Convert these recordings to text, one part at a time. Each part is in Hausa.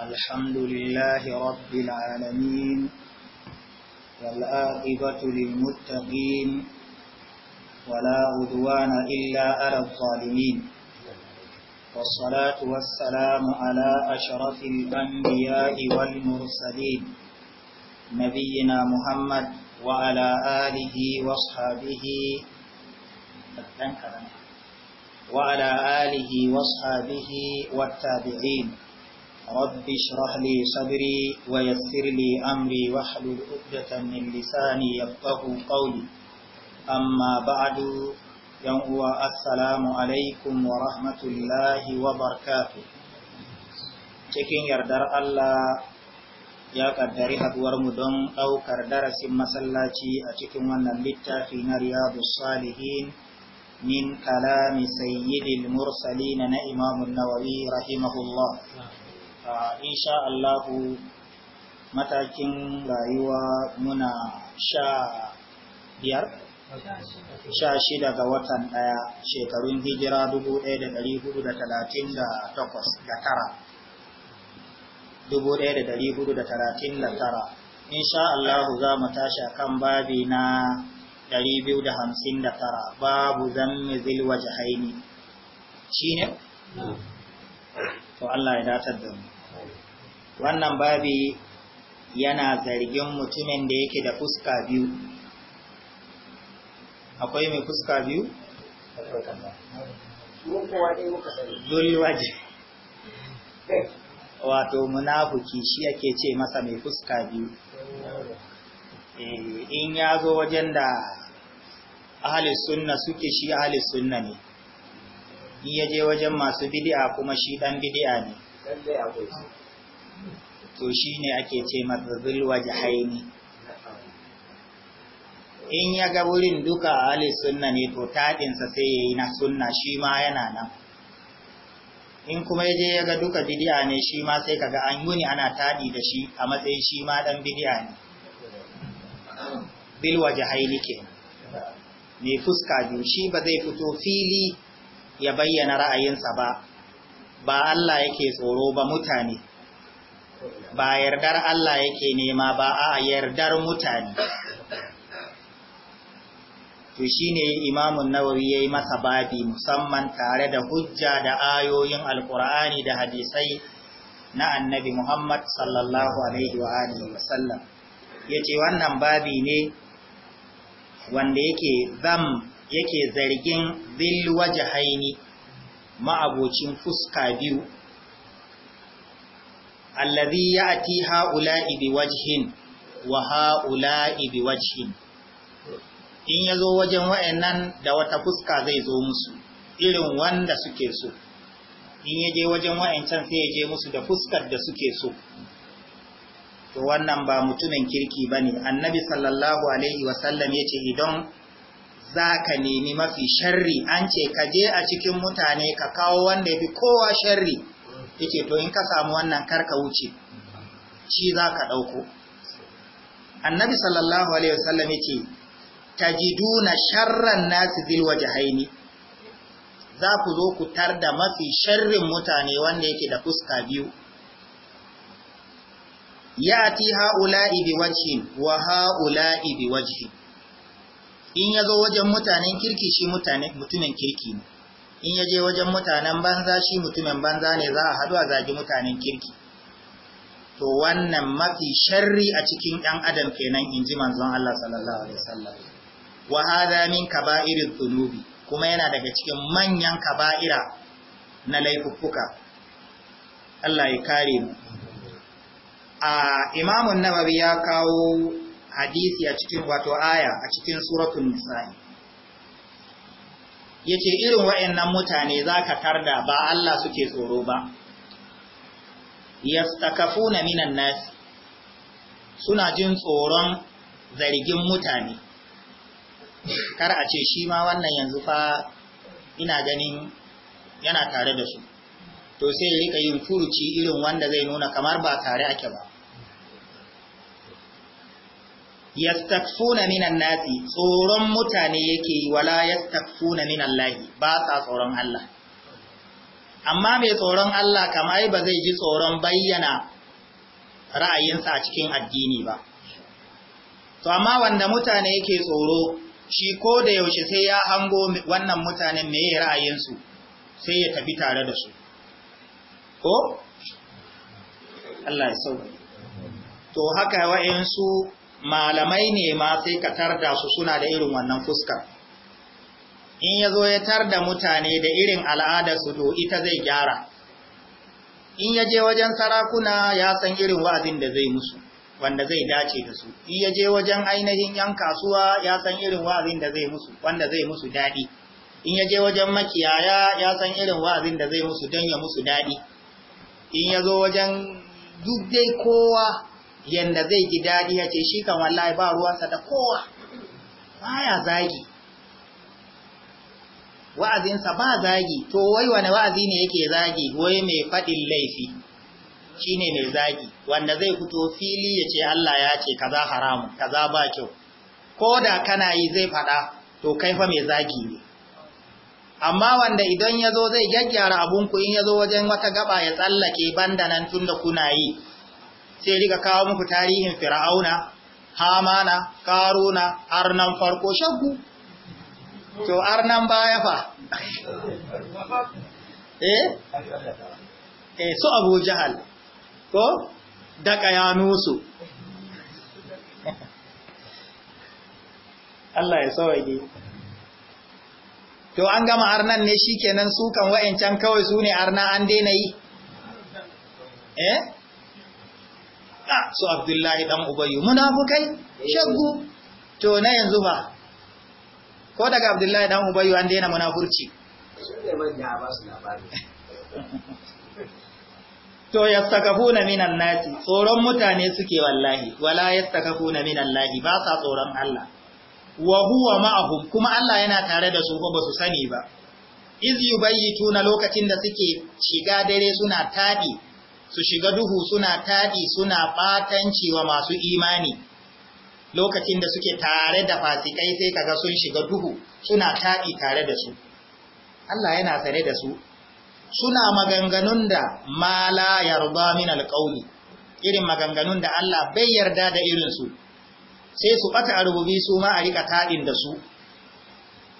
الحمد لله رب العالمين والآقبة للمتقين ولا عدوان إلا على الظالمين والصلاة والسلام على أشرف الأنبياء والمرسلين نبينا محمد وعلى آله واصحابه وعلى آله واصحابه والتابعين رب اشرح لي صدري ويسر لي أمري واحلل عقدة من لساني يفقه قولي أما بعد يوم السلام عليكم ورحمة الله وبركاته cikin yardar Allah ya kaddari mu don ɗaukar darasin masallaci a cikin wannan littafi na riyadu salihin min kalami sayyidil mursalina na imamun nawawi rahimahullah. insha Allahu matakin rayuwa muna sha biyar sha shida ga watan ɗaya shekarun hijira dubu daya da dari hudu da talatin da takwas da tara dubu daya da dari hudu da talatin da tara insha Allahu za mu tashi kan babi na dari biyu da hamsin da tara babu zammi zilwa jahaini shi ne? to Allah ya datar da mu wannan babi yana zargin mutumin da yake da fuska biyu akwai mai fuska biyu? dulwaje wato munafuki shi yake ce masa mai fuska biyu eh, in ya zo wajen da ahalis sunna suke shi ahalis sunna ne in ya je wajen masu bidi'a kuma shi dan bidi'a ne to shi ne ake ce mazazil jihaini? in ya ga wurin duka Ali sunna ne to taɗinsa sai ya yi na sunna shi ma yana nan in kuma ya je ya ga duka bidiya ne shi ma sai kaga an yuni ana taɗi da shi a matsayin shi ma ɗan bidiya ne bil wajahaini ke mai fuska biyu shi ba zai fito fili ya bayyana ra'ayinsa ba ba Allah yake tsoro ba mutane ba yardar Allah yake nema ba a yardar mutane to shi ne imamun ya yi masa babi musamman tare da hujja da ayoyin Alƙur'ani da hadisai na annabi Muhammad sallallahu alaihi wa sallam. Ya ce wannan babi ne wanda yake zam yake zargin zil jihaini ma'abocin fuska biyu allazi ya'ti ha'ula'i biwajhin wa ibi biwajhin in zo wajen wayannan da wata fuska zai zo musu irin wanda suke so in je wajen wayancan sai yaje musu da fuskar da suke so to wannan ba mutumin kirki ba ne. annabi sallallahu alaihi wasallam yace idan zaka nemi mafi sharri an ce ka je a cikin mutane ka kawo wanda fi kowa sharri yake to in ka samu wannan karka wuce shi za ka ɗauko annabi sallallahu alaihi wasallam ji tajiduna sharran nasi zil wajhaini za ku zo ku tar da mafi sharrin mutane wanda yake da fuska biyu yati haula'i biwajhin wa haula'i biwajhin in yazo wajen mutanen kirki shi mutane mutumin kirki ne in ya je wajen mutanen banza shi mutumin banza ne za a haɗu a zagi mutanen kirki to wannan mafi sharri a cikin ɗan adam kenan in ji manzon Allah sallallahu alaihi wasallam wa hadha min kaba'irin dhunubi kuma yana daga cikin manyan kaba'ira na laifuffuka Allah ya kare mu a Imamun Nabawi ya kawo hadisi a cikin wato aya a cikin suratul nisa'i yace irin wa'annan mutane zaka tarda ba Allah suke tsoro ba yastakafuna minan nas suna jin tsoron zargin mutane kar a ce shi ma wannan yanzu fa ina ganin yana tare da su to sai rika yin furuci irin wanda zai nuna kamar ba tare ake ba yastakfuna minan nasi tsoron mutane yake yi wala yastakfuna lahi, ba sa tsoron Allah amma mai tsoron Allah kamar ba zai ji tsoron bayyana ra'ayinsa a cikin addini ba to amma wanda mutane yake tsoro shi ko da yaushe sai ya hango wannan mutanen meye ra'ayinsu sai ya tafi tare da su ko Allah ya sauke to haka wayansu malamai ne ma sai ka tarda su suna da irin wannan fuskar in ya zo ya tarda mutane da irin al’ada su do ita zai gyara in ya je wajen sarakuna ya san irin wa'azin da zai musu wanda zai dace da su in ya je wajen ainihin yan kasuwa ya san irin wa'azin da zai musu wanda zai musu daɗi in ya je wajen makiyaya ya san irin wa'azin da zai musu don ya musu daɗi in ya zo wajen duk dai kowa yanda zai ji daɗi ya ce shi kan wallahi ba ruwansa da kowa baya zagi wa'azinsa ba zagi to wai wane wa'azi ne yake zagi wai mai faɗin laifi shine mai zagi wanda zai fito fili ya ce Allah ya ce kaza haramun kaza ba kyau ko da kana yi zai faɗa to kai fa mai zagi ne amma wanda idan ya zo zai gyaggyara abunku in ya zo wajen wata gaba ya tsallake banda nan tun da kuna yi sai riga kawo muku tarihin fir'auna hamana karuna arnan farko shaggu to arnan baya fa eh eh su abu jahal ko daga yanusu Allah ya sawaye to an gama arnan ne shikenan su kan wa'ancan kawai su ne arna an daina yi eh su abdullahi dan ubayyu munafukai shaggu to na yanzu ba ko daga abdullahi dan ubayyu an daina munafurci to na minan nasi tsoron mutane suke wallahi wala na minan lahi ba sa tsoron Allah wa huwa ma'ahum kuma Allah yana tare da su ko ba su sani ba iz yubayyituna lokacin da suke shiga dare suna tadi su shiga duhu suna taɗi suna ɓatanci wa masu imani lokacin da suke tare da fasikai sai kaga sun shiga duhu suna taɗi tare da su Allah yana sare da su suna maganganun da ma la yarda min alqauli irin maganganun da Allah bai yarda da irin su sai su bata arububi su ma a rika taɗin da su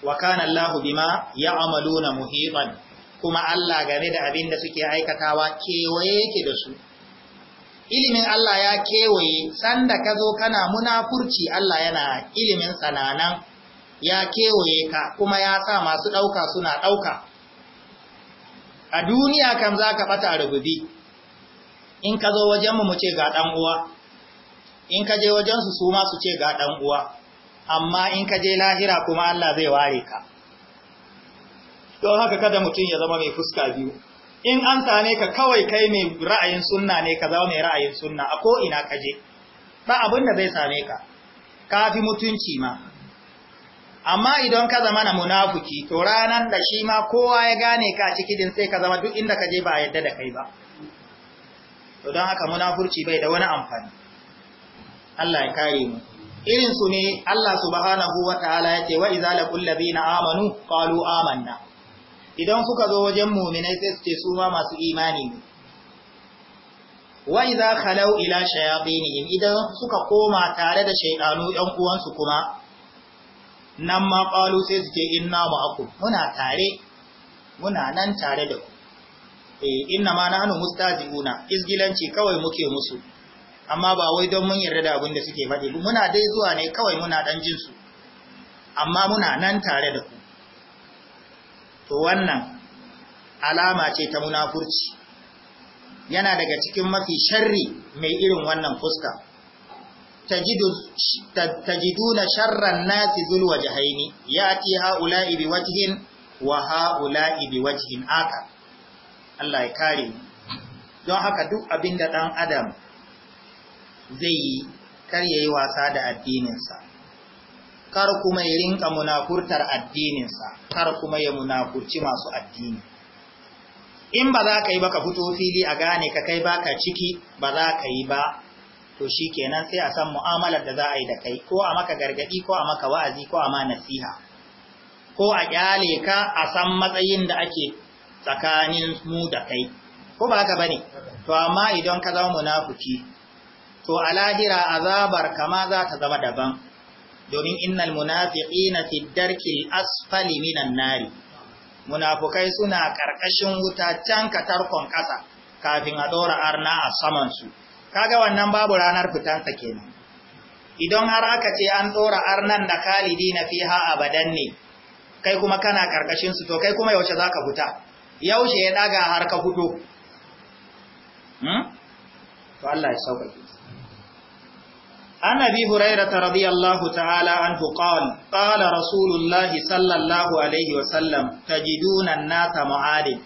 wa kana ya bima ya'maluna muhitan kuma Allah game da abin da suke aikatawa kewaye yake da su ilimin Allah ya kewaye sanda ka zo kana munafurci Allah yana ilimin sananan ya kewaye ka kuma ya sa masu ɗauka suna ɗauka a duniya kan za ka ɓata rububi in ka zo wajenmu mu ce ga ɗan'uwa in ka je wajensu su ma su ce ga ɗan'uwa amma in ka je lahira kuma Allah zai ware ka don haka kada mutum ya zama mai fuska biyu in an same ka kawai kai mai ra'ayin sunna ne ka zama mai ra'ayin sunna a ko ina ka je ba abin da zai same ka ka fi mutunci ma amma idan ka zama na munafuki to ranan da shi ma kowa ya gane ka ciki din sai ka zama duk inda ka je ba yadda da kai ba to don haka munafurci bai da wani amfani Allah ya kare mu irin su ne Allah subhanahu wa ta'ala yace wa idza laqul ladina amanu qalu amanna idan suka zo wajen muminai sai su ce su ma masu imani ne wa idza khalau ila shayatinihim idan suka koma tare da shaiɗanu ɗan uwansu kuma nan ma qalu sai su ce inna ma'akum muna tare muna nan tare da ku eh inna ma na nahnu mustaziuna izgilanci kawai muke musu amma ba wai don mun yarda da abin da suke faɗi muna dai zuwa ne kawai muna dan jin amma muna nan tare da ku to wannan alama ce ta munafurci yana daga cikin mafi sharri mai irin wannan fuska tajiduna sharran nasi zulwa jahaini yati haula'i biwajhin wa haula'i biwajhin aka Allah ya kare don haka duk abinda dan adam zai yi kar yayi wasa da addininsa kar kuma ya rinka munafurtar addininsa kar kuma ya munafurci masu addini in ba za ka yi ba ka fito fili a gane ka kai baka ciki ba za ka yi ba to shi kenan sai a san mu'amalar da za a yi da kai ko a maka gargadi ko a maka wa'azi ko a ma nasiha ko a kyale ka a san matsayin da ake tsakanin mu da kai ko ba haka bane to amma idan ka zama munafiki to a lahira azabar kama za ta zama daban domin innal munafiqina fi darkil asfali minan nari munafukai suna karkashin wuta can katarkon kasa kafin a dora arna a saman su kaga wannan babu ranar fitan sa kenan idan har aka ce an dora arnan da khalidina fiha abadan ne kai kuma kana karkashin su to kai kuma yaushe zaka fita yaushe ya daga har ka fito hmm to Allah ya sauƙaƙe عن أبي هريرة رضي الله تعالى عنه قال قال رسول الله صلى الله عليه وسلم تجدون الناس معادن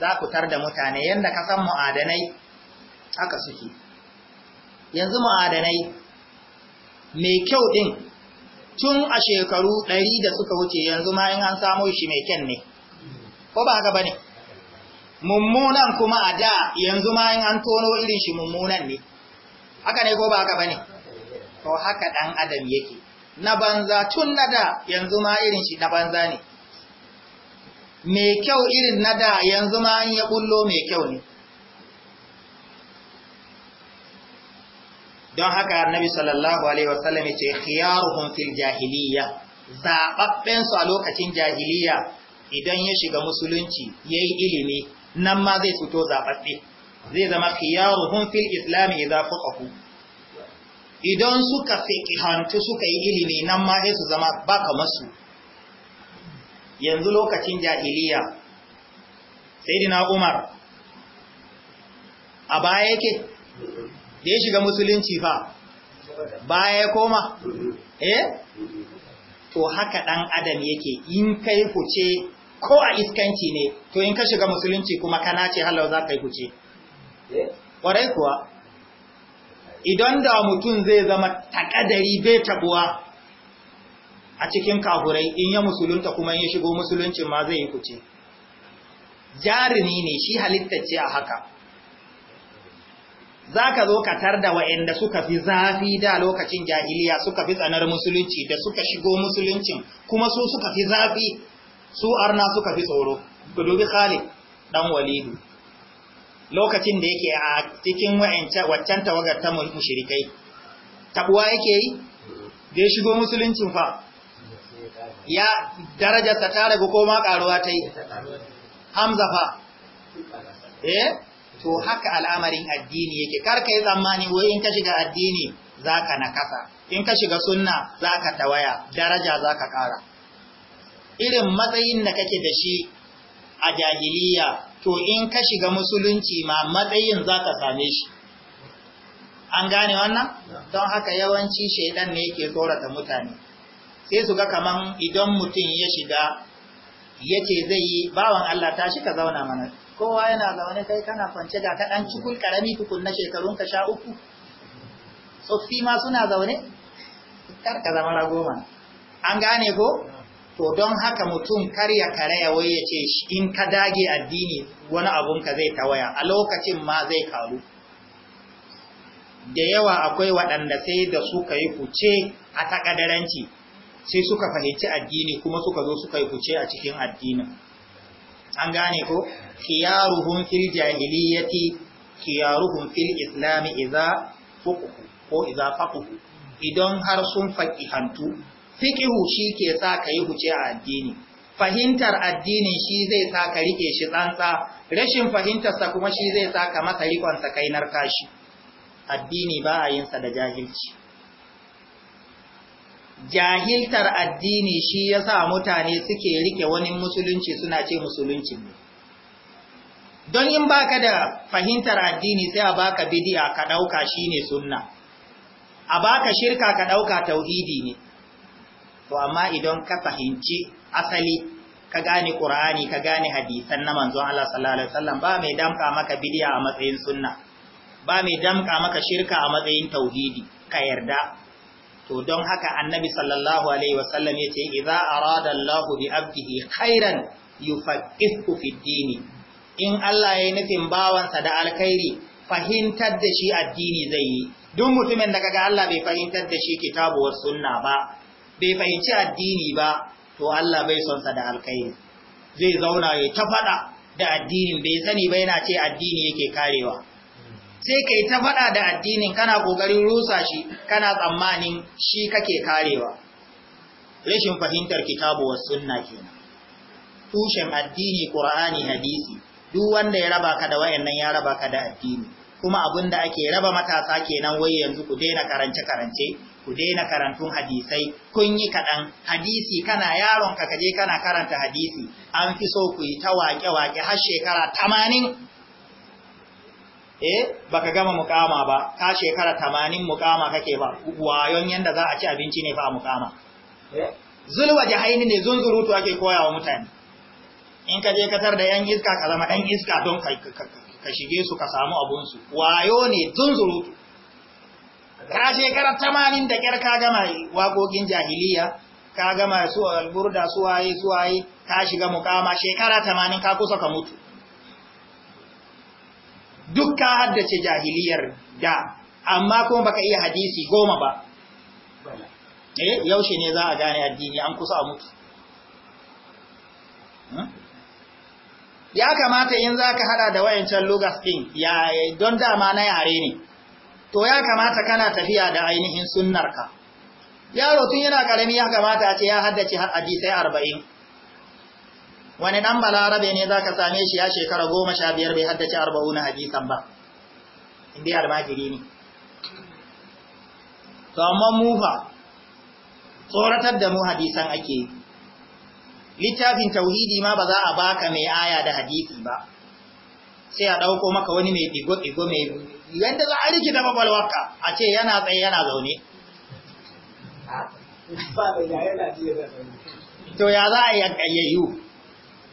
ذاك ترد متاني يندك سم معادني haka suke yanzu ma'adanai mai kyau ɗin tun a shekaru ɗari da suka wuce yanzu ma in an samo shi mai kyan ne ko ba haka ba ne mummunan kuma a da yanzu ma in an tono irin shi mummunan ne haka ne ko ba haka ba ne to haka ɗan adam yake na banza tun na yanzu ma irin shi na banza ne mai kyau irin na da yanzu ma an ya bullo mai kyau ne don haka annabi sallallahu alaihi wasallam ya ce khiyaruhum fil jahiliya zababben su a lokacin jahiliya idan ya shiga musulunci yayi ilimi nan ma zai fito zababbe zai zama khiyaruhum fil islam idza faqahu idan suka fiƙihantu suka yi ilimi nan ma sai su zama ba kamar su yanzu lokacin jahiliya sayyidina Umar a baya yake da ya shiga musulunci fa baya ya koma eh to haka dan adam yake in kai kuce ko a iskanci ne to in ka shiga musulunci kuma kana ce halau za ka yi kuce ƙwarai eh? kuwa idan da mutum zai zama takadari bai tabuwa a cikin kafurai in ya musulunta kuma ya shigo musuluncin ma zai yi kuce jarumi ne shi halittacce a haka za ka zo ka tar da wa'yanda suka fi zafi da lokacin jahiliya suka fi tsanar musulunci da suka shigo musuluncin kuma su suka fi zafi su arna suka fi tsoro ku dubi khalid ɗan walidu lokacin da yake a cikin waccan tawagar ta mushrikai tabuwa yake yi da ya shigo musuluncin fa ya darajarsa ta ragu ko ma karuwa ta yi hamza fa eh to haka al'amarin addini yake karka yi tsammani wai in ka shiga addini za ka nakasa in ka shiga sunna za ka tawaya daraja za ka kara irin matsayin da kake da shi a jahiliya to in ka shiga musulunci ma matsayin za ka same shi an gane wannan don haka yawanci shaidan ne yake tsorata mutane sai su ga kaman idan mutum ya shiga yake zai yi bawan Allah ta shi ka zauna mana kowa yana zaune kai kana kwance ga kaɗan cikin ƙarami tukun na ka sha uku tsoffi ma suna zaune kar ka zama ragoma an gane ko to don haka mutum kar ya karaya wai ya ce in ka dage addini wani abun ka zai tawaya a lokacin ma zai karu da yawa akwai waɗanda sai da suka yi kuce a takadaranci sai suka fahimci addini kuma suka zo suka yi kuce a cikin addini an gane ko Kiyaruhun fil jahiliyyati kiyaruhun fil islami idza fuqhu ko idza faqhu idan har sun faƙihantu Fikihu shi ke sa ka yi huce a addini fahimtar addini shi zai sa ka riƙe shi tsantsa rashin fahimtarsa kuma shi zai sa ka masa riƙonsa kai narka addini ba a yinsa da jahilci jahiltar addini shi ya sa mutane suke rike wani musulunci suna ce musulunci ne don in baka da fahimtar addini sai a baka bidiya ka ɗauka shine sunna a baka shirka ka ɗauka tauhidi ne to amma idan ka fahimci asali ka gane Ƙur'ani, ka gane hadisan na manzon Allah sallallahu alaihi wasallam ba mai damka maka bid'a a matsayin sunna ba mai damka maka shirka a matsayin tauhidi ka yarda to don haka annabi sallallahu alaihi wasallam yace idza arada Allahu bi abdihi khairan yufaqihu fi dini in Allah yayi nufin bawansa da alkhairi fahimtar da shi addini zai yi duk mutumin da kaga Allah bai fahimtar da shi kitabu was sunna ba bai fahimci addini ba to Allah bai son sa da alkhairi zai zauna ya ta faɗa da addinin bai sani ba yana ce addini yake karewa sai kai ta faɗa da addinin kana kokarin rusa shi kana tsammanin shi kake karewa rashin fahimtar kitabu was sunna kenan tushen addini qur'ani hadisi duk wanda ya raba ka da wayannan ya raba ka da addini kuma abinda ake raba matasa kenan wai yanzu ku daina karance karance ku daina karantun hadisai kun yi kaɗan hadisi kana yaron ka kaje kana karanta hadisi an fi so ku yi ta waƙe-waƙe har shekara tamanin eh baka gama mukama ba ka shekara tamanin mukama kake ba wayon yanda za a ci abinci ne fa a mukama eh. zulwa jahaini ne zunzurutu ake koya wa mutane in ka je katar da yan iska ka zama ɗan iska don ka shige su ka samu abunsu wayo ne zunzurutu ka shekarar tamanin da ƙyar ka gama waƙoƙin jahiliya ka gama su alburda su waye su waye ka shiga mukama shekara tamanin ka kusa ka mutu duk ka haddace jahiliyar da amma kuma baka iya hadisi goma ba eh yaushe ne za a gane addini an kusa a mutu hmm? ya kamata in za ka hada da wayancan lugas ɗin don dama na yare ne to ya kamata kana tafiya da ainihin sunnarka yaro tun yana karami ya kamata a ce ya haddace hadisai arba'in wani dan balarabe ne zaka same shi ya shekara goma sha biyar bai haddace arba'u hadisan ba indai almajiri ne to amma mu fa tsoratar da mu hadisan ake yi littafin tauhidi ma ba za a baka mai aya da hadisi ba sai a dauko maka wani mai digo-digo mai yadda za a riki da mabalwarka a ce yana tsaye yana zaune to ya za a yankayayyu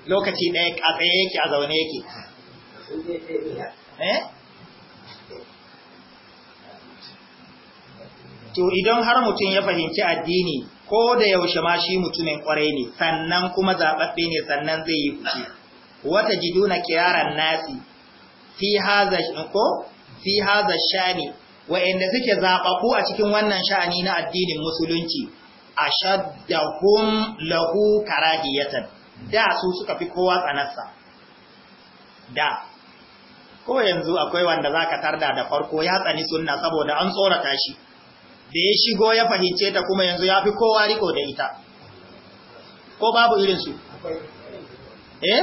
lokaci ɗaya a tsaye yake a zaune yake eh? to idan har mutum ya fahimci addini ko da yaushe ma shi mutumin kwarai ne sannan kuma zaɓaɓɓe ne sannan zai yi fushi wata jiduna kiraran nasi fi haza ko fi haza shani wa'inda suke zabaku a cikin wannan sha'ani na addinin musulunci a ashaddahum lahu karahiyatan da su suka fi kowa tsanarsa da ko yanzu akwai wanda zaka tarda da farko ya tsani sunna saboda an tsorata shi da ya shigo ya fahimce ta kuma yanzu ya fi kowa riko da ita ko babu irinsu eh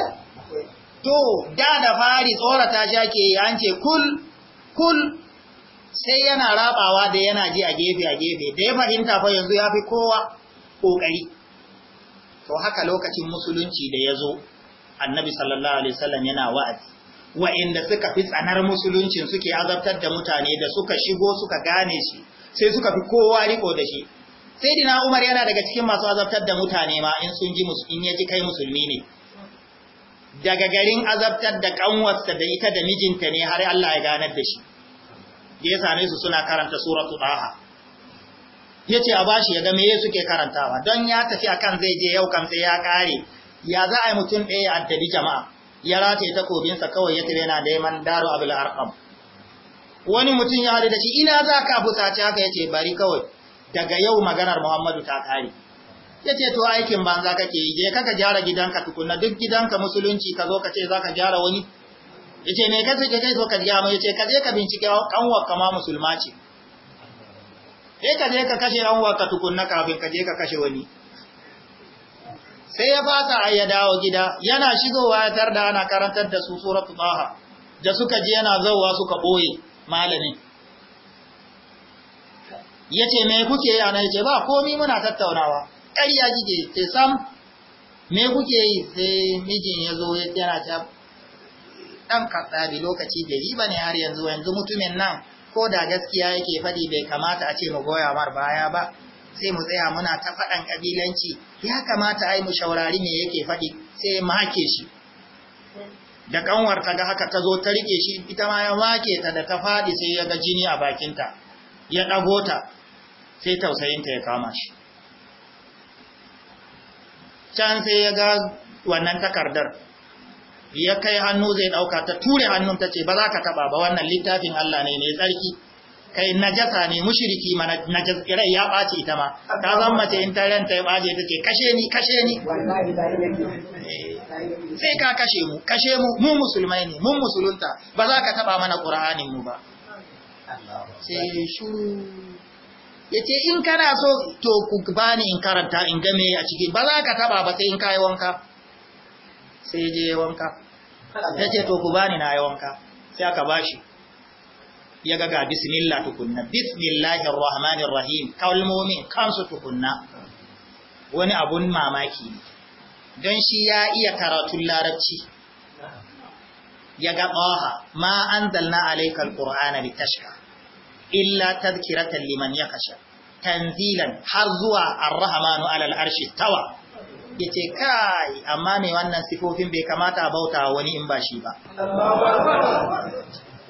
to da da fari tsorata shi ake an ce kul kul sai yana rabawa da yana ji a gefe a gefe da ya fahimta fa yanzu ya fi kowa ƙoƙari to haka lokacin musulunci da ya zo annabi sallallahu alaihi wasallam yana wa'azi wa'inda suka fi tsanar musuluncin suke azabtar da mutane da suka shigo suka gane shi sai suka fi kowa riko da shi sai umar yana daga cikin masu azabtar da mutane ma in sun ji in ya ji kai musulmi ne daga garin azabtar da kanwarsa da ita da mijinta ne har Allah ya ganar da shi ya same su suna karanta suratu Ya yace a bashi ya ga me suke karantawa don ya tafi akan zai je yau kan sai ya kare ya za a yi mutum ɗaya ya addabi jama'a ya rataye takobinsa kawai ya yana na daiman daru abul arqam wani mutum ya hadu da shi ina za ka fusace haka yace bari kawai daga yau maganar Muhammadu ta kare ya ce to aikin banza kake yi je kaka gyara gidanka tukunna duk gidanka musulunci ka zo ka ce za ka gyara wani ya ce me ka ce kai zo ka gyara ya ce ka je ka bincike kanwar kama musulma ce sai ka je ka kashe anwar ka tukunna kafin ka je ka kashe wani sai ya fasa ya dawo gida yana shigowa ya tarda ana karantar da su suratul taha da suka je yana zauwa suka boye malamin yace me kuke yana ya ce ba komi muna tattaunawa ƙarya kike sai eh, sam me kuke yi sai mijin ya zo yana ta ɗan bi lokaci bai yi ba ne har yanzu yanzu mutumin nan ko da gaskiya yake faɗi bai kamata a ce mu goya mar baya ba sai mu tsaya muna ta faɗan ƙabilanci ya kamata ai mu shaurari me yake faɗi sai make shi da kanwar ta ga haka ta zo ta rike shi ita ma ya make ta da ta faɗi sai ya ga jini a bakinta ya ɗago ta sai tausayinta ya kama shi can sai ya ga wannan takardar ya kai hannu zai dauka ta ture hannun ta ce ba za ka taba ba wannan littafin Allah ne mai tsarki kai najasa ne mushriki ma rai. ya bace ita ma ta zan mace in ta ranta ya bace ta ce kashe ni kashe ni eh, sai ka kashe mu kashe mu mu musulmai ne mun musulunta ba za ka taba mana qur'anin mu ba sai shuru ya in kana so to ku bani in karanta in game a ciki ba za ka taba ba sai in kayi wanka sai je wanka ya ce to ku bani na yi wanka sai aka bashi ya ga ga bismillah tukunna bismillahir rahmanir rahim mu'min kansu tukunna wani abun mamaki ne. don shi ya iya karatun larabci ya ga qaha ma anzalna alaykal qur'ana litashqa illa tazkiratan liman ya yakhsha tanzilan har zuwa ar-rahmanu alal arshi tawa yace kai amma me wannan sifofin bai kamata bauta wani in ba shi ba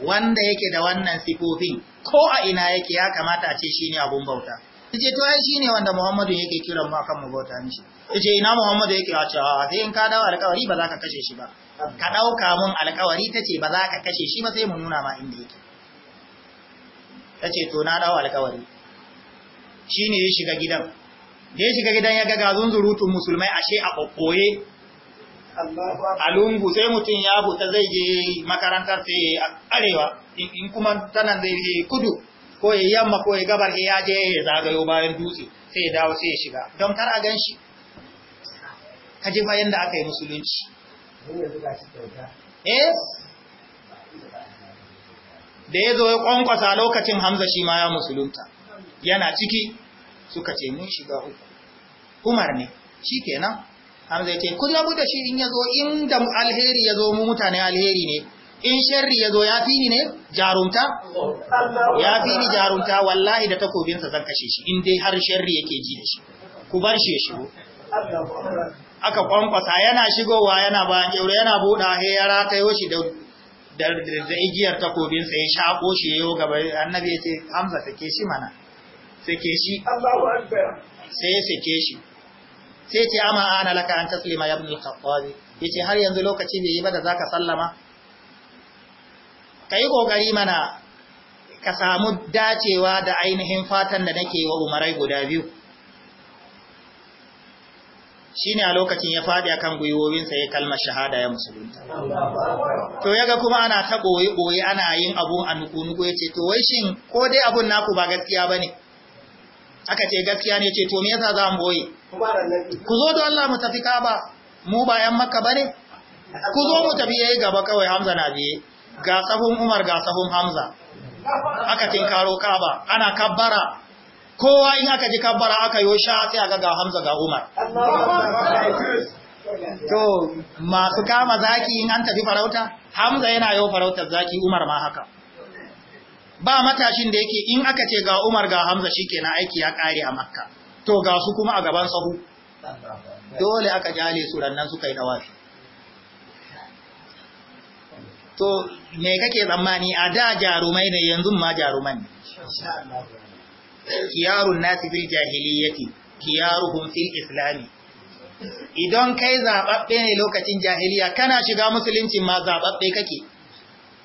wanda yake da wannan sifofin ko a ina yake ya kamata a ce shine abun bauta yace to ai shine wanda Muhammadu yake kiran mu akan mu bauta mishi yace ina Muhammadu yake a cewa sai in ka dawo alƙawari ba za ka kashe shi ba ka dauka mun alƙawari tace ba za ka kashe shi ba sai mu nuna ma inda yake ta ce to na dawo alkawari shi ne ya shiga gidan da ya shiga gidan ya ga zunzurutun musulmai ashe a ɓoɓɓoye a lungu sai mutum ya fita zai je makarantar yi a arewa in kuma tanan zai je kudu ko ya yamma ko ya gabar ya je ya zagayo bayan dutse sai ya dawo sai ya shiga don kar a gan shi ka ji bayan da aka yi musulunci eh da ya zo ya kwankwasa lokacin hamza shi ma ya musulunta yana ciki suka ce mun shiga uku umar ne shi kenan hamza ya ce ku zabu da shi in ya zo in alheri ya zo mu mutane alheri ne in sharri ya zo ya fi ni ne jarumta ya fi ni jarumta wallahi da takobinsa zan kashe shi in dai har sharri yake ji da shi ku bar shi ya shigo aka kwankwasa yana shigowa yana bayan kyaure yana buɗa he ya ratayo shi da da igiyar takobin sai ya shako shi yayo gaba annabi ya ce Hamza take shi mana ke shi Allahu akbar sai ke shi sai ce ama ana laka an taslima ya ibn al-Khattab yace har yanzu lokaci bai yi ba da zaka sallama kai kokari mana ka samu dacewa da ainihin fatan da nake wa umarai guda biyu shine a lokacin ya faɗi akan gwiwowinsa ya kalmar shahada ya musulunta to ya ga kuma ana ta ɓoye-ɓoye ana yin abu a nuku nuku ce, to wai shin ko dai abun naku ba gaskiya bane aka ce gaskiya ne ce to me yasa za mu ɓoye? ku zo da Allah mu tafi ba, mu ba yan Makka bane ku zo mu tafi yayi gaba kawai Hamza na biye ga sahun Umar ga sahun Hamza aka tinkaro kaba, ana kabbara kowa in aka ji kabbara aka yi sha sai aka ga Hamza ga Umar to masu kama zaki in an tafi farauta Hamza yana yau farautar zaki Umar ma haka ba matashin da yake in aka ce ga Umar ga Hamza shi aiki ya kare a Makka to ga su kuma a gaban sahu dole aka jale su rannan suka yi dawafi to me kake tsammani a da jarumai ne yanzu ma jarumai ne kiyarun nasi bil jahiliyyati kiyaruhum fil islam. idan kai zababbe ne lokacin jahiliya kana shiga musulunci ma zababbe kake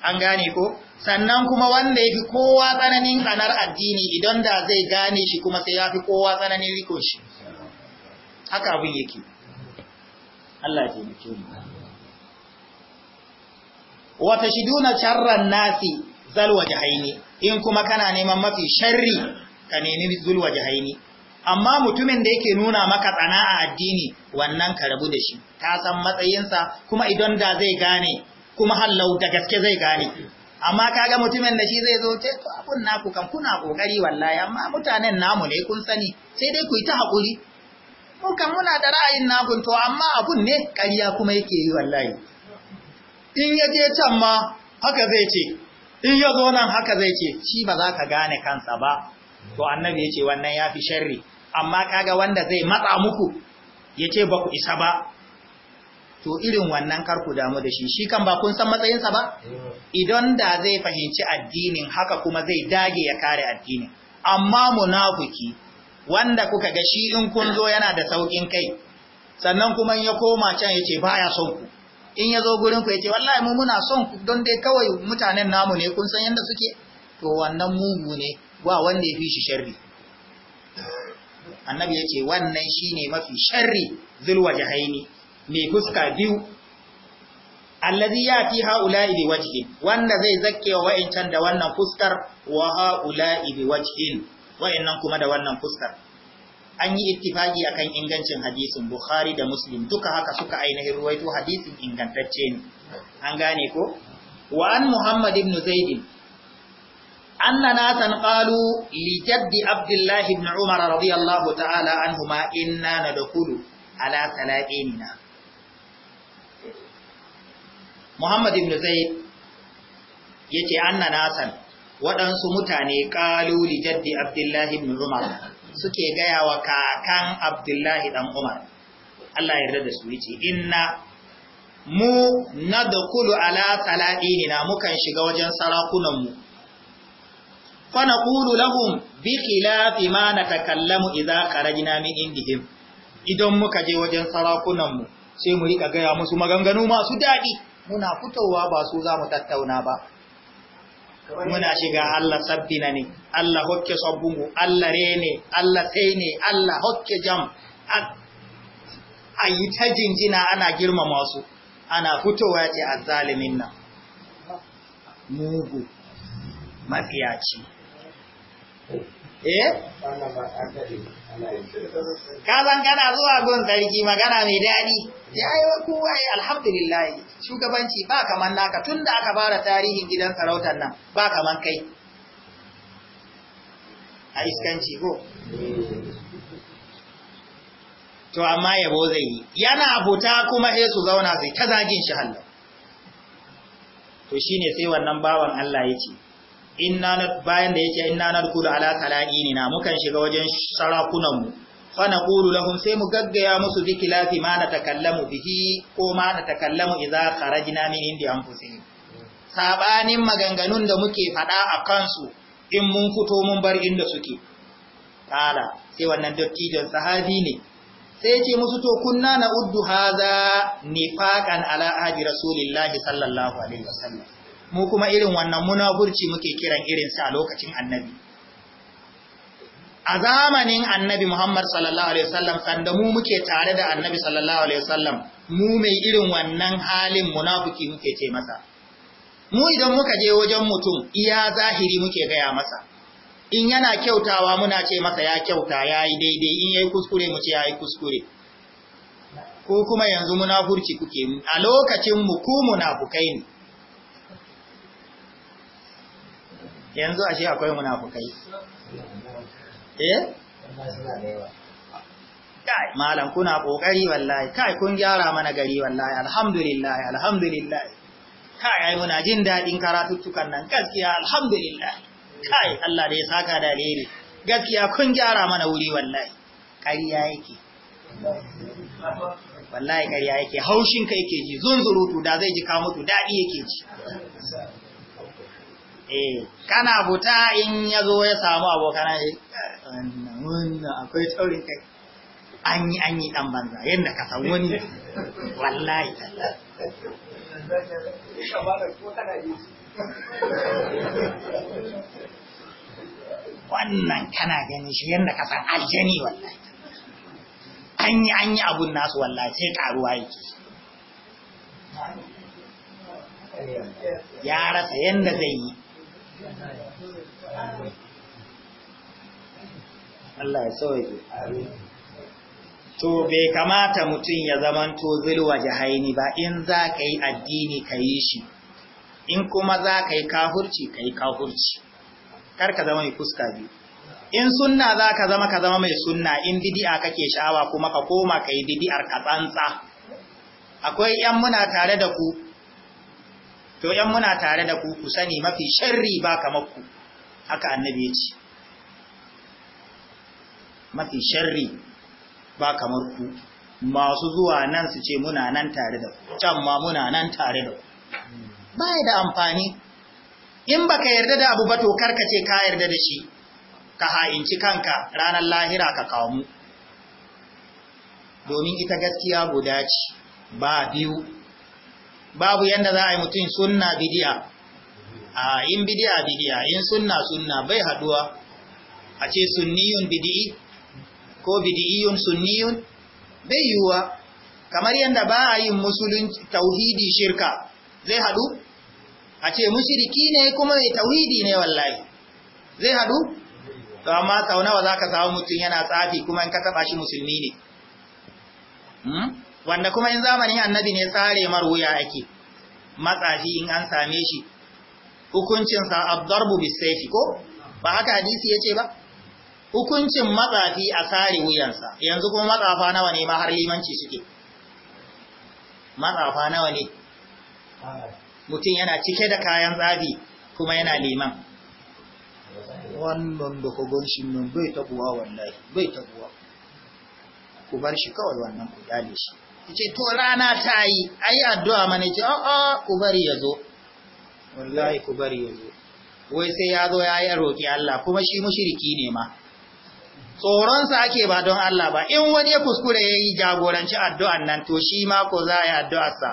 an gane ko sannan kuma wanda yafi kowa tsananin tsanar addini idan da zai gane shi kuma sai yafi kowa tsananin riko shi haka abin yake Allah ya taimake mu wa tashiduna charran nasi zalwa jahaini in kuma kana neman mafi sharri ka nemi zulwa jahaini amma mutumin da yake nuna maka tsana a addini wannan ka rabu da shi ka san matsayinsa kuma idan da zai gane kuma hallau da gaske zai gane amma kaga mutumin da shi zai zo ce to abun naku kan kuna kokari wallahi amma mutanen namu ne kun sani sai dai ku yi ta hakuri Mun kan muna da ra'ayin naku to amma abun ne ƙarya kuma yake yi wallahi in ya je can ma haka zai ce in ya zo nan haka zai ce shi ba za ka gane kansa ba to annabi ce wannan ya fi sharri amma kaga wanda zai matsa muku yace ba ku isa ba to irin wannan kar ku damu da shi shi kan ba kun san matsayinsa ba idan da zai fahimci addinin haka kuma zai dage ya kare addinin amma munafiki wanda kuka ga shi in kun zo yana da saukin kai sannan kuma in ya koma can yace baya son ku in ya zo gurin ku yace wallahi mu muna son ku don dai kawai mutanen namu ne kun san yanda suke to wannan mugu ne Wa wanda ya fi shi sharri annabi ya ce wannan shine mafi sharri zulwa jahaini mai fuska biyu allazi ya fi ha'ula'i bi wanda zai zakke wa wa'incan da wannan fuskar wa ha'ula'i bi wajhin wa'innan kuma da wannan fuskar an yi ittifaki akan ingancin hadisin bukhari da muslim duka haka suka ainihin ruwaito hadisin ingantacce ne an gane ko wa an muhammad ibn zaid anna nasan qalu li jaddi abdullah ibn umar radiyallahu ta'ala anhuma inna nadkhulu ala salatina muhammad ibn zaid yace anna nasan waɗansu mutane qalu li jaddi ibn umar suke gaya wa kakan abdullahi dan umar Allah yarda da su yace inna mu na nadkhulu ala salatina mukan shiga wajen sarakunan mu fa naqulu lahum bi na ma natakallamu idza kharajna min indihim idan muka je wajen sarakunan mu sai mu rika gaya musu maganganu masu dadi muna fitowa ba su za mu tattauna ba muna shiga Allah sabbina ne Allah hokke sabbungu Allah rene Allah sai ne Allah hokke jam a yi ta jinjina ana girmama su ana fitowa ce a zalimin nan mugu mafiyaci eh ka kana zuwa gun sarki magana mai daɗi ya yi ku ai alhamdulillahi. shugabanci ba kamar naka tun da aka fara tarihin gidan sarautar nan ba kamar kai a iskanci ko to amma yabo zai yi yana abuta kuma sai su zauna sai ta zagin shi Allah to ne sai wannan bawan Allah ya ce inna bayan da yake inna nadkhulu ala na mukan shiga wajen sarakunan mu fa naqulu lahum sai mu gaggaya musu bi kilafi ma takallamu bihi ko ma takallamu idza kharajna min indi anfusihim sabanin maganganun da muke fada a kansu in mun fito mun bar inda suke kala sai wannan dattijon sahabi ne sai ce musu to kunna na uddu haza nifaqan ala ahdi rasulillahi sallallahu alaihi wasallam mu kuma irin wannan munafurci muke kiran irin sa a lokacin annabi a zamanin annabi Muhammad sallallahu alaihi wasallam sanda mu muke tare da annabi sallallahu alaihi wasallam mu mai irin wannan halin munafuki muke ce masa mu idan muka je wajen mutum iya zahiri muke gaya masa in yana kyautawa muna ce masa ya kyauta ya yi daidai in yayi kuskure mu ce ya yi kuskure ko kuma yanzu munafurci kuke a lokacin mu ku munafukai ne yanzu ashe akwai munafukai eh kai malam kuna kokari wallahi kai kun gyara mana gari wallahi alhamdulillah alhamdulillah kai ai muna jin dadin karatuttukan nan gaskiya alhamdulillah kai Allah da ya saka da alheri gaskiya kun gyara mana wuri wallahi kariya yake wallahi kariya yake haushin ka yake ji zunzurutu da zai ji ka mutu dadi yake ji Eh, kana buta in ya zo ya samu abokan ya wannan akwai taurin kai an yi an yi dan banza yadda ka san wani wallahi wannan kana gani shi yadda ka san aljani wallahi an yi an yi abun nasu wallahi sai karuwa yake ya rasa yadda zai yi Allah ya sauke. To bai kamata mutum ya to zilwa jahaini ba in za ka yi addini ka yi shi, in kuma za ka yi kahurci ka yi kahurci, kar ka zama mai fuska biyu. In sunna za ka zama ka zama mai sunna in bidi'a kake sha'awa kuma ka koma ka yi bidi'ar ka tsantsa. Akwai ‘yan muna tare da ku to ‘yan muna tare da ku ku sani mafi sharri ba kamar ku haka annabi ya ce mafi sharri ba kamar ku masu zuwa nan su ce muna nan tare da ku can ma muna nan tare da ku ba da amfani in baka yarda da abu ba to karka ce ka yarda da shi ka ha'inci kanka ranar lahira ka kawo mu domin ita gaskiya guda ce ba biyu babu yanda za a yi mutum sunna bidiya a in bidiya bidiya in sunna sunna bai haduwa a ce sunniyun bidi'i ko bidi'iyun sunniyun bai yiwuwa kamar yanda ba a yi musulun tauhidi shirka zai hadu a ce mushriki ne kuma mai tauhidi ne wallahi zai hadu to amma sau nawa ka samu mutum yana tsafi kuma in ka taba shi musulmi ne hmm? wanda kuma in zamanin annabi ne tsare marwuya ake matsafi in an same shi hukuncinsa abdarbu bisaifi ko ba haka hadisi yace ba hukuncin matsafi a tsare wuyansa yanzu kuma matsafa nawa ne ma har limanci suke matsafa nawa ne mutum yana cike da kayan tsafi kuma yana liman wannan da kogon shi nan bai taɓuwa wallahi bai taɓuwa. ku bar shi kawai wannan ku kyale shi ce to rana ta yi ayi addu'a mana ce a'a ku bari ya zo wallahi ku bari ya zo wai sai ya zo ya yi roƙi Allah kuma shi mushiriki ne ma tsoronsa ake ba don Allah ba in wani ya kuskure ya yi jagoranci addu'an nan to shi ma za a yi addu'arsa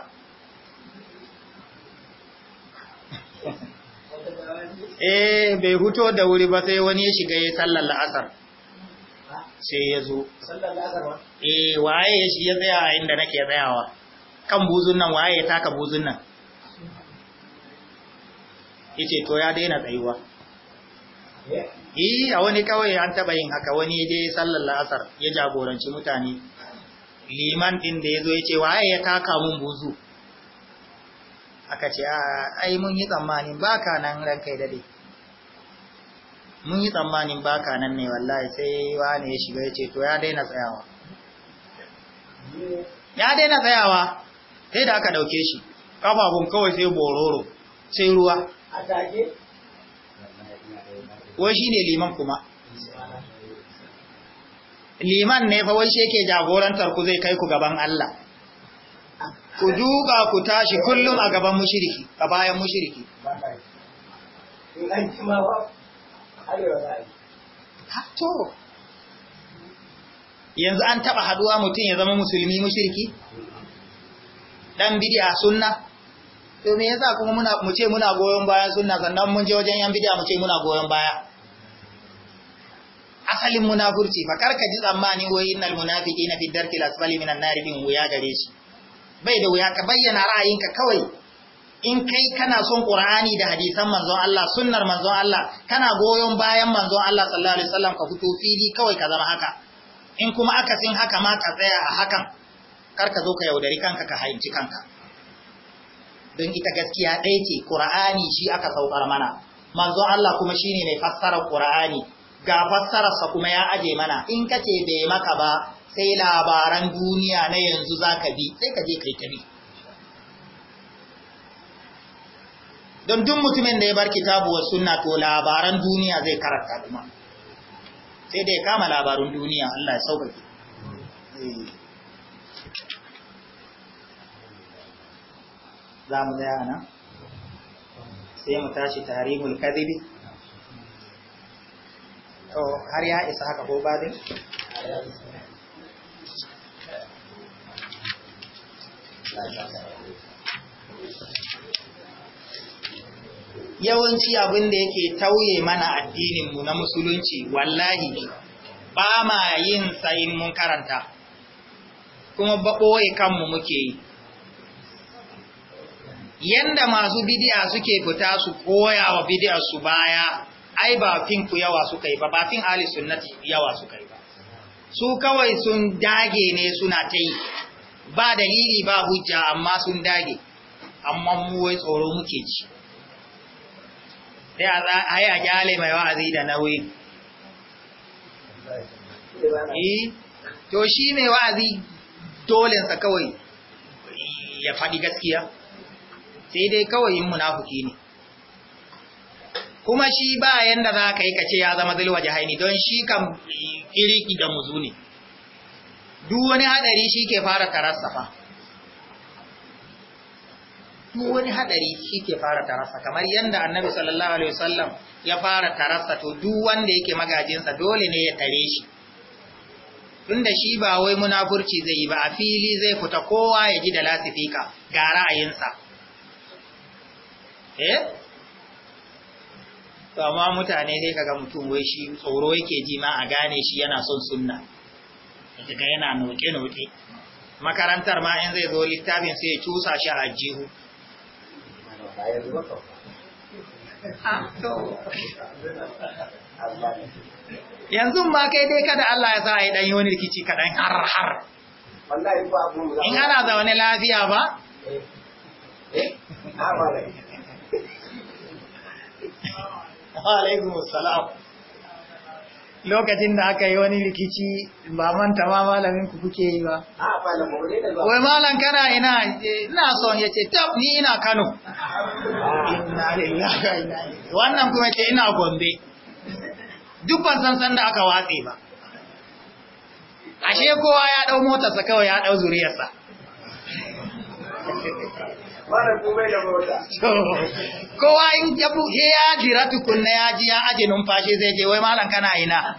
eh bai huto da wuri ba sai wani ya shiga ya sallar la'asar sai ya zo eh waye shi ya tsaya a inda nake tsayawa kan buzun nan waye ya taka buzun nan yace to ya daina tsayuwa eh, eh a wani kawai an taba yin haka wani dai sallallahu asar ya jagoranci mutane liman din da yazo yace waye ya taka mun buzu aka ce ai mun yi tsammanin baka nan ranka da dai mun yi tsammanin baka nan ne wallahi sai wani ya shiga ya ce to ya daina tsayawa ya daina tsayawa sai da aka dauke shi kafafun kawai sai bororo sai ruwa wai shi ne liman kuma liman ne fa wai shi yake jagorantar ku zai kai ku gaban Allah ku duka ku tashi kullum a gaban mushiriki a bayan mushiriki to yanzu an taba haduwa mutum ya zama musulmi mushriki Ɗan bid'a sunna to me yasa kuma mu ce muna goyon baya sunna sannan mun je wajen yan bid'a mu ce muna goyon baya asalin furci, fa karka ji tsammani wai innal munafiqina fi darkil asfali minan nari bin wuya gare shi bai da wuya ka bayyana ra'ayinka kawai in kai kana son Qur'ani da hadisan manzon Allah sunnar manzon Allah kana goyon bayan manzon Allah sallallahu alaihi wasallam ka fito fili kawai ka zama haka in kuma aka sin haka ma ka tsaya a hakan kar ka zo ka yaudari kanka ka hainci kanka don ita gaskiya ɗaya ce Qur'ani shi aka saukar mana manzon Allah kuma shine mai fassara Qur'ani ga fassararsa kuma ya aje mana in kace bai maka ba sai labaran duniya na yanzu zaka bi sai ka je kai ta bi don duk mutumin da ya bar kitabu wa sunna to labaran duniya zai karanta kuma sai dai kama labarun duniya Allah ya sauƙaƙe eh. za mu tsaya nan sai mu tashi tarihul kadhibi to har ya isa haka ko ba dai Thank you. yawanci abin da yake tauye mana addininmu na musulunci wallahi ba ma yin sayin mun karanta kuma baɓoye kanmu muke yi yanda masu bidiya suke fita su koya wa bidiya su baya ai ba fin ku yawa suka yi ba ba fin ahli sunnati yawa suka yi ba su kawai sun dage ne suna ta yi ba dalili ba hujja amma sun dage amma mu wai tsoro muke ci sai a yi kyale mai wa'azi da nauyi eh, to shi mai wa'azi dolensa kawai ya faɗi gaskiya sai dai kawai yin munafuki ne kuma shi ba yadda za ka yi kace ya zama zulwa jihaini don shi kan iriki da muzu ne duk wani haɗari shi ke fara fa. duk wani hadari shi ke fara tarasa kamar yadda annabi sallallahu alaihi wasallam ya fara tarasa to duk wanda yake magajinsa dole ne ya tare shi tunda shi ba wai munafurci zai yi ba a fili zai fita kowa ya ji da lasifika ga ra'ayinsa eh to amma mutane sai kaga mutum wai shi tsoro yake ji ma a gane shi yana son sunna kaga yana noke noke makarantar ma in zai zo littafin sai ya cusa shi a jihu ba yanzu ba yanzu ma kai dai kada Allah ya sa a yi ɗanyi wani rikici kaɗan har har in ana zaune lafiya ba Eh, ha eh? ba Wa alaikumussalam. lokacin da aka yi wani rikici ba manta ma malamin ku kuke yi ba wai malam kana ina ina son yace tab ni ina Kano wannan kuma ke ina Gombe duk ban san da aka watse ba ashe kowa ya ɗau motarsa kawai ya ɗau zuriyarsa kowa in ya buɗe ya jira tukunna ya ji ya aje numfashi zai je wai malam kana ina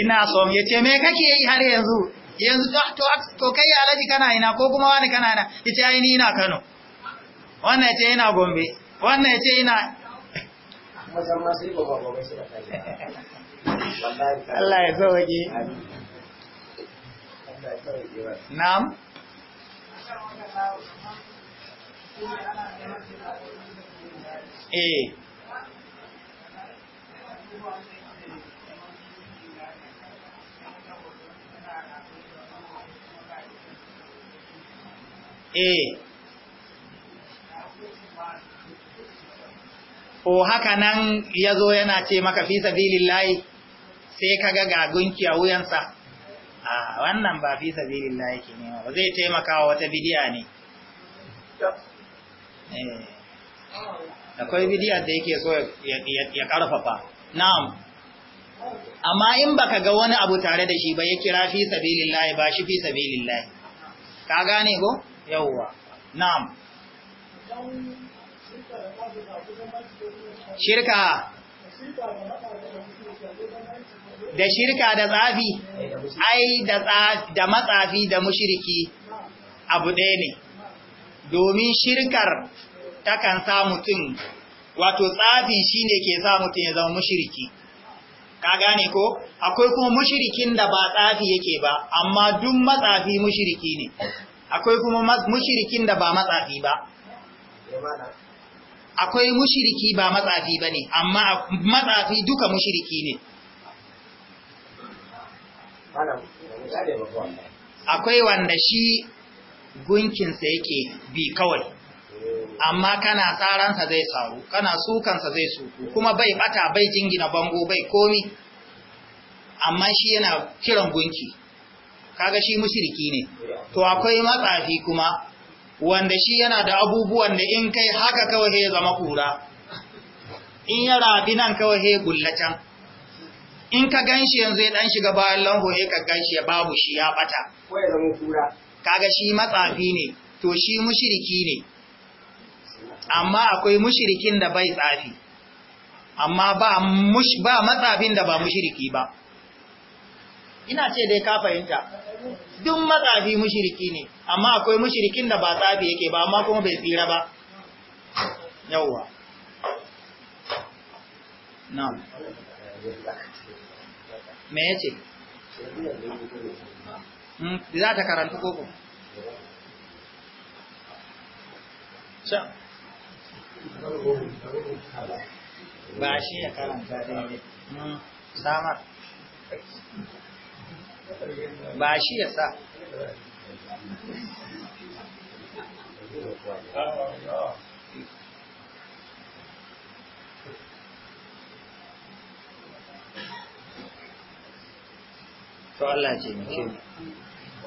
ina son ya ce me kake yi har yanzu yanzu to to kai alaji kana ina ko kuma wani kana ina ya ce ai ni ina Kano wannan ya ce ina Gombe wannan ya ce ina Allah ya sauke na'am eh eh o haka nan ya zo yana ce maka fi sabilillahi sai kaga ga gunki a wuyansa a wannan ba fi sabilillahi ke nema ba zai taimaka wata bidiya ne Eh. akwai bidiyar da yake so ya karfafa na'am amma in baka ga wani abu tare da shi ba ya kira fi sabilillahi ba shi fi sabilillahi ka gane ko yawwa na'am shirka da shirka da tsafi ai da matsafi da mushiriki abu ɗaya ne domin shirkar takan sa mutum wato tsafi shine ke sa mutum ya zama mashiriki ka gane ko akwai kuma mashirikin da ba tsafi yake ba amma duk matsafi mashiriki ne akwai kuma mashirikin da ba matsafi ba akwai mashiriki ba matsafi bane amma matsafi duka mashiriki ne akwai wanda shi gunkinsa yake bi kawai amma kana tsaransa zai saru kana sukansa zai suku kuma bai bata bai jingina bango bai komi amma shi yana kiran gunki kaga shi mushriki ne to akwai matsafi kuma wanda shi yana da abubuwan da in kai haka kawai ya zama kura in ya rabi nan kawai ya gullatan in ka ganshi yanzu ya dan shiga bayan lambu ya ka ganshi ya babu shi ya bata ko zama kura kaga shi matsafi ne to shi mushiriki ne amma akwai mushirikin da bai tsafi amma ba mush ba matsafin da ba mushiriki ba ina ce dai ka fahimta duk matsafi mushiriki ne amma akwai mushirikin da ba tsafi yake ba amma kuma bai tsira ba yawwa na'am me yace Hmm, za ta karanta koko ba shi ya karanta daidai hmm, samar ba shi ya sa to Allah ce mu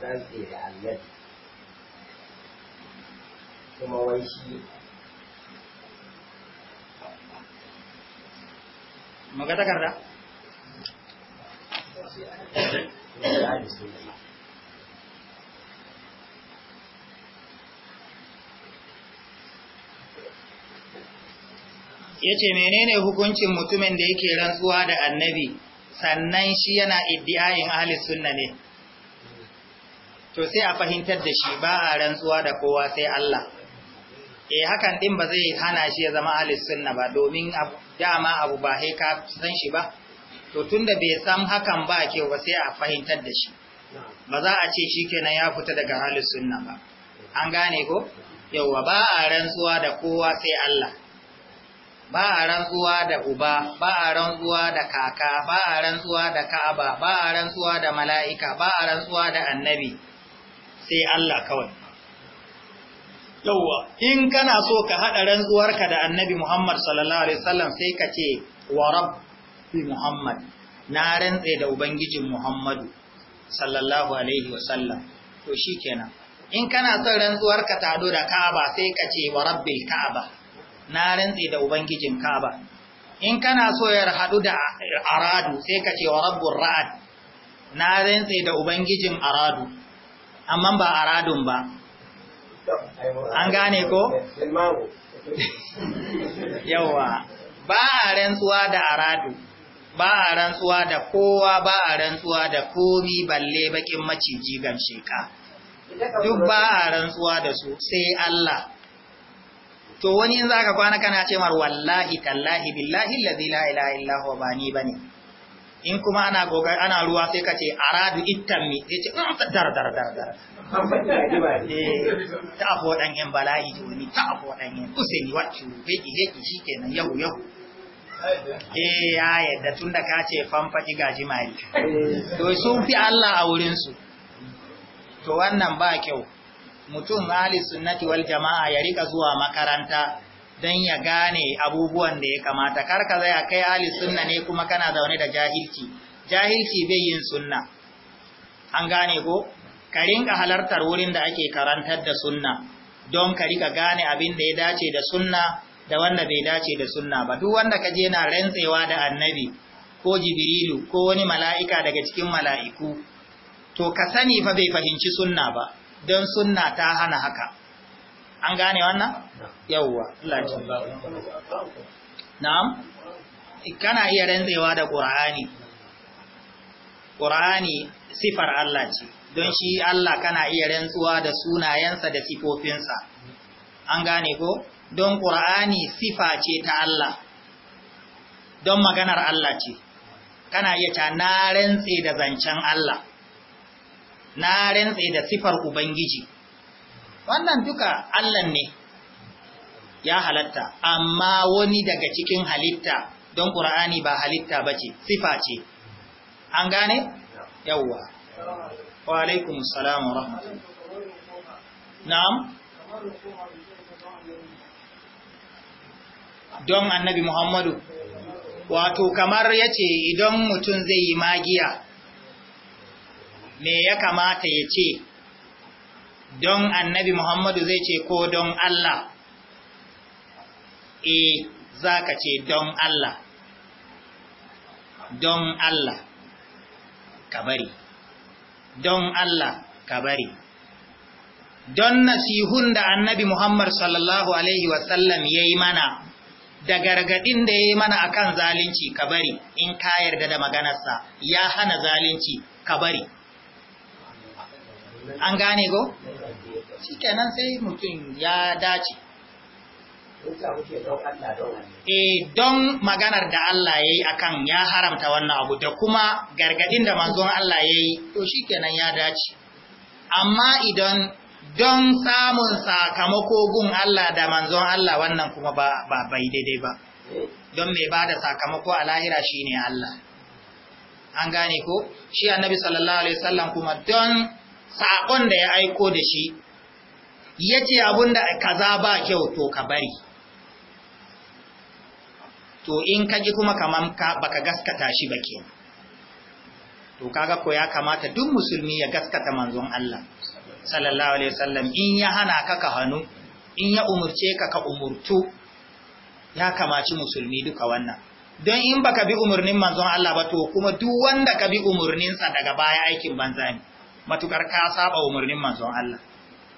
rantse da annabi kuma wai shi maga takarda ya ce menene hukuncin mutumin da yake rantsuwa da annabi sannan shi yana iddiayin ahli sunna ne to sai a fahimtar da shi ba a rantsuwa da kowa sai Allah eh hakan din ba zai hana shi ya zama ahlus sunna ba domin dama abu ba sai ka san shi ba to tunda bai san hakan ba ke ba sai a fahimtar da shi ba za a ce shi kenan ya fita daga halisunna sunna ba an gane ko yawa ba a rantsuwa da kowa sai Allah ba a rantsuwa da uba ba a rantsuwa da kaka ba a rantsuwa da ka'aba ba a rantsuwa da mala'ika ba a rantsuwa da annabi sai Allah kawai yawwa in kana so ka haɗa rantsuwarka da annabi Muhammad sallallahu alaihi wasallam sai ka ce wa rabbi Muhammad na rantse da ubangijin Muhammadu sallallahu alaihi wasallam to shi kenan, in kana son rantsuwarka ta haɗo da Ka'aba sai ka ce wa rabbi Ka'aba na rantse da ubangijin Ka'aba in kana so ya hadu da aradu sai ka ce wa rabbi ra'ad na rantse da ubangijin aradu amma ba aradun ba an gane ko yawa ba a rantsuwa da aradu ba a rantsuwa da kowa ba a rantsuwa da komi balle bakin maciji ka. duk ba a rantsuwa da su sai Allah to wani in zaka kwana kana ce mar wallahi tallahi billahi allazi la ilaha illa huwa bani bane in kuma ana gogar ana ruwa sai ka ce aradu ittan mi sai ce ah, dar dar dar dar ta afo dan yan bala'i joni ta afo dan yan useni wacce heki heki shikenan yau yau eh ya yadda tunda ka ce fanfaki gaji mai to sun fi Allah a wurin su to wannan ba kyau mutum ahli sunnati wal jama'a ya rika zuwa makaranta don ya gane abubuwan da ya kamata karka zai a kai Ali sunna ne kuma kana zaune da jahilci jahilci bai yin sunna an gane ko ka rinka halartar wurin da ake karantar da sunna don ka rika gane abin da ya dace da sunna da wanda bai dace da sunna ba duk wanda ka je na rantsewa da annabi ko jibrilu ko wani mala'ika daga cikin mala'iku to ka sani fa bai fahimci sunna ba don sunna ta hana haka an gane wannan yawwa na'am kana iya rantsewa da qur'ani qur'ani sifar Allah ce don shi Allah kana iya rantsuwa da sunayensa da sifofinsa an gane ko don qur'ani sifa ce ta Allah don maganar Allah ce kana iya ta na rantse da zancen Allah na rantse da sifar ubangiji wannan duka Allah ne ya halatta amma wani daga cikin halitta don ƙura'ani ba halitta ba ce sifa ce an gane? yawwa wa alaikum wa rahmatu na'am don annabi muhammadu wato kamar ya ce idan mutum zai yi magiya me ya kamata ya ce don annabi Muhammadu zai ce ko don Allah e za ka ce don Allah don Allah ka bari don Allah ka bari don nasihun da annabi Muhammad sallallahu Alaihi wasallam ya yi mana da gargadin da ya yi mana akan zalunci ka bari in ka yarda da maganarsa ya hana zalunci ka bari an gane go? shi kenan sai mutum ya dace Eh don maganar da Allah ya yi akan ya haramta wannan abu da kuma gargadin da manzon Allah ya yi, to shi kenan ya dace. Amma idan don samun sakamako gun Allah da manzon Allah wannan kuma ba bai daidai ba, don mai ba da sakamako a lahira shi ne Allah. An gane ko, shi annabi sallallahu Alaihi wasallam kuma don saƙon da ya aiko da shi ya ce kaza ba kyau to ka bari to in kaji kuma kamar baka gaskata shi ba ke to kaga ko ya kamata duk musulmi ya gaskata manzon Allah sallallahu alaihi wasallam in ya hana ka ka hannu in ya umurce ka ka umurtu ya kamaci musulmi duka wannan don in baka bi umurnin manzon Allah ba to kuma duk wanda ka bi umurninsa daga baya aikin banza ne matukar ka saba umurnin manzon Allah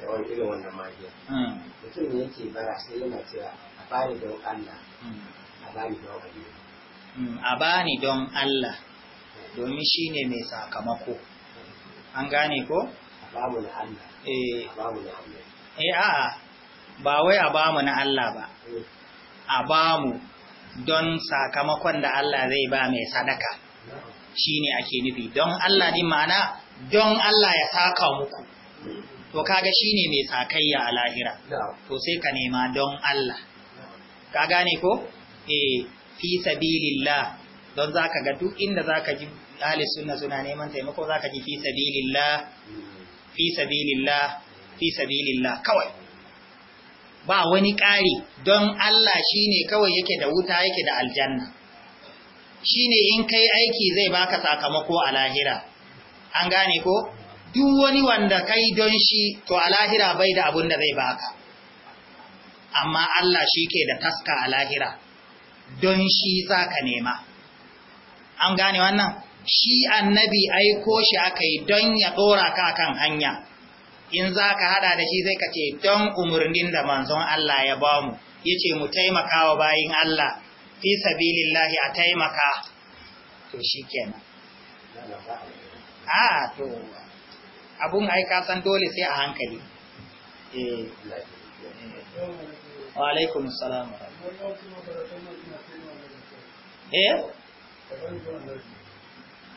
da irin wannan magiya hmm. mutum ne yake bara sai yana cewa a bani don Allah hmm. a bani don Allah hmm. a bani don Allah domin shi ne mai sakamako an gane ko? a bamu na Allah eh, eh a'a ba wai a bamu na Allah ba eh. a bamu don sakamakon da Allah zai ba mai sadaka shi ne ake nufi don Allah ne ma'ana don Allah ya saka muku to kaga shine mai sakayya a lahira to sai ka nema don Allah ka gane ko eh fi sabilillah don zaka ga duk inda zaka ji ahli sunna suna neman taimako zaka ji fi sabilillah fi sabilillah fi sabilillah kawai ba wani ƙari don Allah shine kawai yake da wuta yake da aljanna shine in kai aiki zai baka sakamako a lahira an gane ko duk wani wanda kai don shi to a bai da abun da zai baka amma Allah shi ke da taska alahira lahira don shi za ka nema an gane wannan shi annabi aiko shi aka yi don ya tsora ka kan hanya in za ka haɗa da shi zai ka don umarnin da manzon Allah ya ba mu ya ce mu taimaka wa bayin Allah fi sabilillahi a taimaka to shi kenan a ah, to abun ai ka san dole sai a hankali eh wa alaikum assalam eh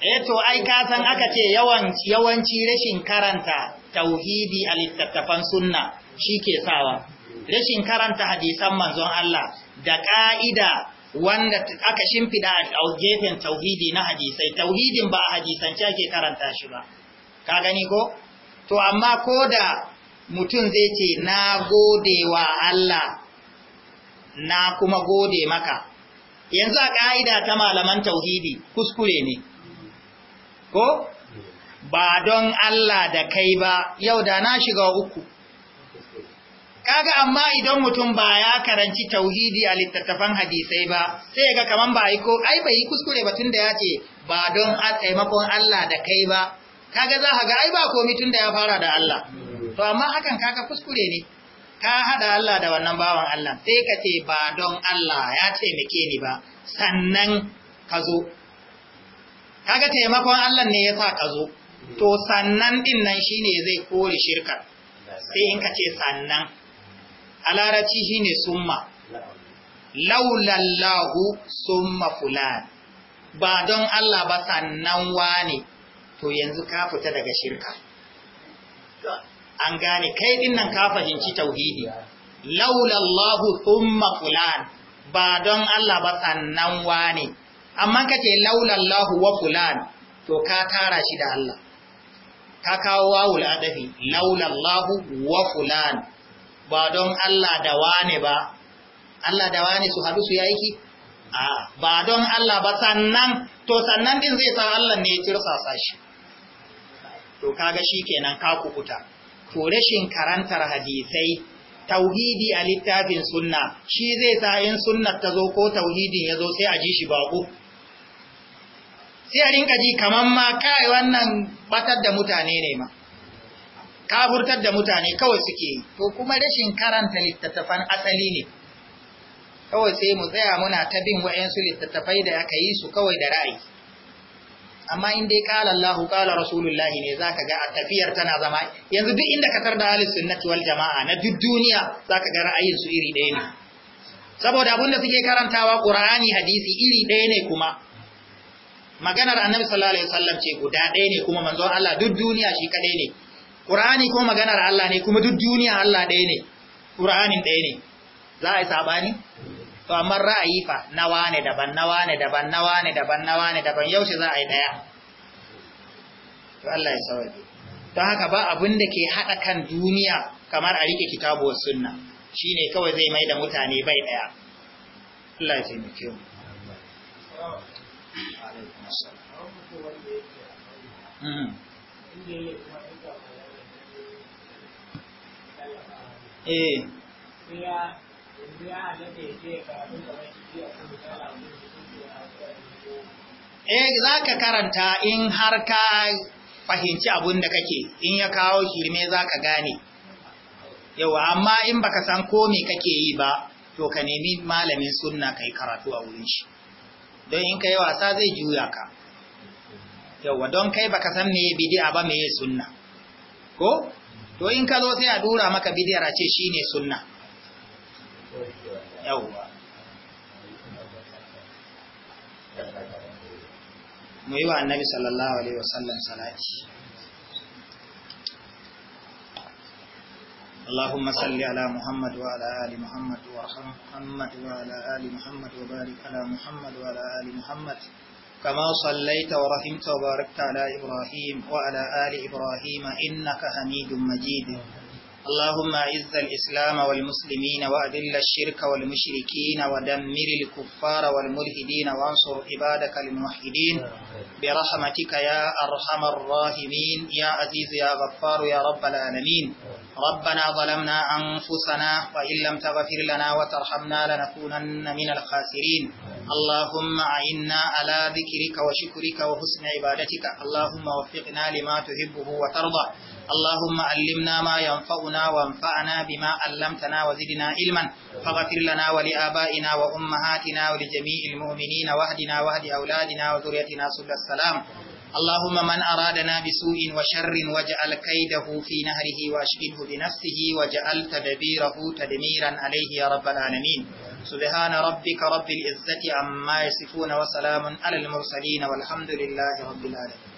eh to ai ka san aka ce yawanci yawanci rashin karanta tauhidi a littattafan sunna shike sawa rashin karanta hadisan manzon Allah da ka'ida wanda aka shimfida a gefen tauhidi na hadisai tauhidin ba a hadisance ake karanta shi ba ka gani ko to amma ko da mutum zai ce na gode wa Allah na kuma gode maka yanzu a ƙa'ida ta malaman tauhidi kuskure ne ko ba don Allah da kai ba yau da na shiga uku kaga amma idan mutum ba ya karanci tauhidi a littattafan hadisai ba sai ga kaman ba yi ko ai bai yi kuskure ba tunda ya ce ba don taimakon Allah da kai ba kaga za ka ga ai ba komai da ya fara da Allah to amma hakan kaga kuskure ne ka haɗa Allah da wannan bawan Allah sai ka ce ba don Allah ya taimake ni ba sannan ka zo kaga taimakon Allah ne ya sa ka zo to sannan din nan shine zai kore shirka, sai in ka ce sannan a larabci shine summa laulallahu summa fulan ba don Allah ba sannan wane to yanzu ka fita daga shirka an gane kai nan ka fahimci tauhidi laulallahu thumma fulan ba don Allah ba sannan wane amma kace laulallahu wa fulan to ka tara shi da Allah ka kawo wawul adafi laulallahu wa fulan ba don Allah da wane ba Allah da wane su hadu su yaki a ba don Allah ba sannan to sannan din zai sa Allah ne ya tirsasa shi to kaga shikenan ka kukuta to rashin karantar hadisai tauhidi a littafin sunna shi zai sa in sunnar ta zo ko tauhidin ya zo sai a ji shi bako sai a rinka ji kaman ma kai wannan batar da mutane ne ma kafurtar da mutane kawai suke yi to kuma rashin karanta littattafan asali ne kawai sai mu tsaya muna ta bin wa'yansu littattafai da aka yi su kawai da ra'ayi amma in dai kala Allah kala Rasulullah ne zaka ga a tafiyar tana zama yanzu duk inda ka tarda ahlus sunnati wal jamaa na duk duniya zaka ga ra'ayin su iri ɗaya ne saboda abin da suke karantawa Qur'ani hadisi iri ɗaya ne kuma maganar Annabi sallallahu alaihi wasallam ce guda ɗaya ne kuma manzon Allah duk duniya shi kadai ne Qur'ani ko maganar Allah ne kuma duk duniya Allah ɗaya ne Qur'anin ɗaya ne za a yi sabani to amma ra'ayi fa na wane daban na wane daban na wane daban na wane daban yaushe za a yi daya to Allah ya sauke To haka ba abin da ke hada kan duniya kamar a rike kitabu wa sunna shine kawai zai mai da mutane bai daya Allah ya taimake mu mm. Eh. Eh za ka karanta in har ka fahimci abun da kake in ya kawo shirme za ka gane. Yawa amma in baka san ko me kake yi ba to ka nemi malamin sunna kai karatu a wurin shi. Don in ka yi wasa zai juya ka. Yawa don kai baka san me bidi'a ba me sunna. Ko? To in ka zo sai a dura maka bidiyar a ce shine sunna. yawwa mu yi wa annabi sallallahu alaihi wasallam salati اللهم صل على محمد وعلى آل محمد وارحم محمد وعلى آل محمد وبارك على محمد وعلى آل محمد كما صليت ورحمت وباركت على إبراهيم وعلى آل إبراهيم إنك حميد مجيد اللهم أعز الإسلام والمسلمين وأذل الشرك والمشركين ودمر الكفار والملحدين وانصر عبادك الموحدين برحمتك يا أرحم الراحمين يا عزيز يا غفار يا رب العالمين ربنا ظلمنا أنفسنا وإن لم تغفر لنا وترحمنا لنكونن من الخاسرين اللهم أعنا على ذكرك وشكرك وحسن عبادتك اللهم وفقنا لما تحبه وترضى اللهم علمنا ما ينفعنا وانفعنا بما علمتنا وزدنا علما فغفر لنا ولآبائنا وأمهاتنا ولجميع المؤمنين واهدنا واهد أولادنا وذريتنا سبل السلام اللهم من أرادنا بسوء وشر واجعل كيده في نهره وأشبهه بنفسه وجعل تدبيره تدميرا عليه يا رب العالمين سبحان ربك رب العزة عما يصفون وسلام على المرسلين والحمد لله رب العالمين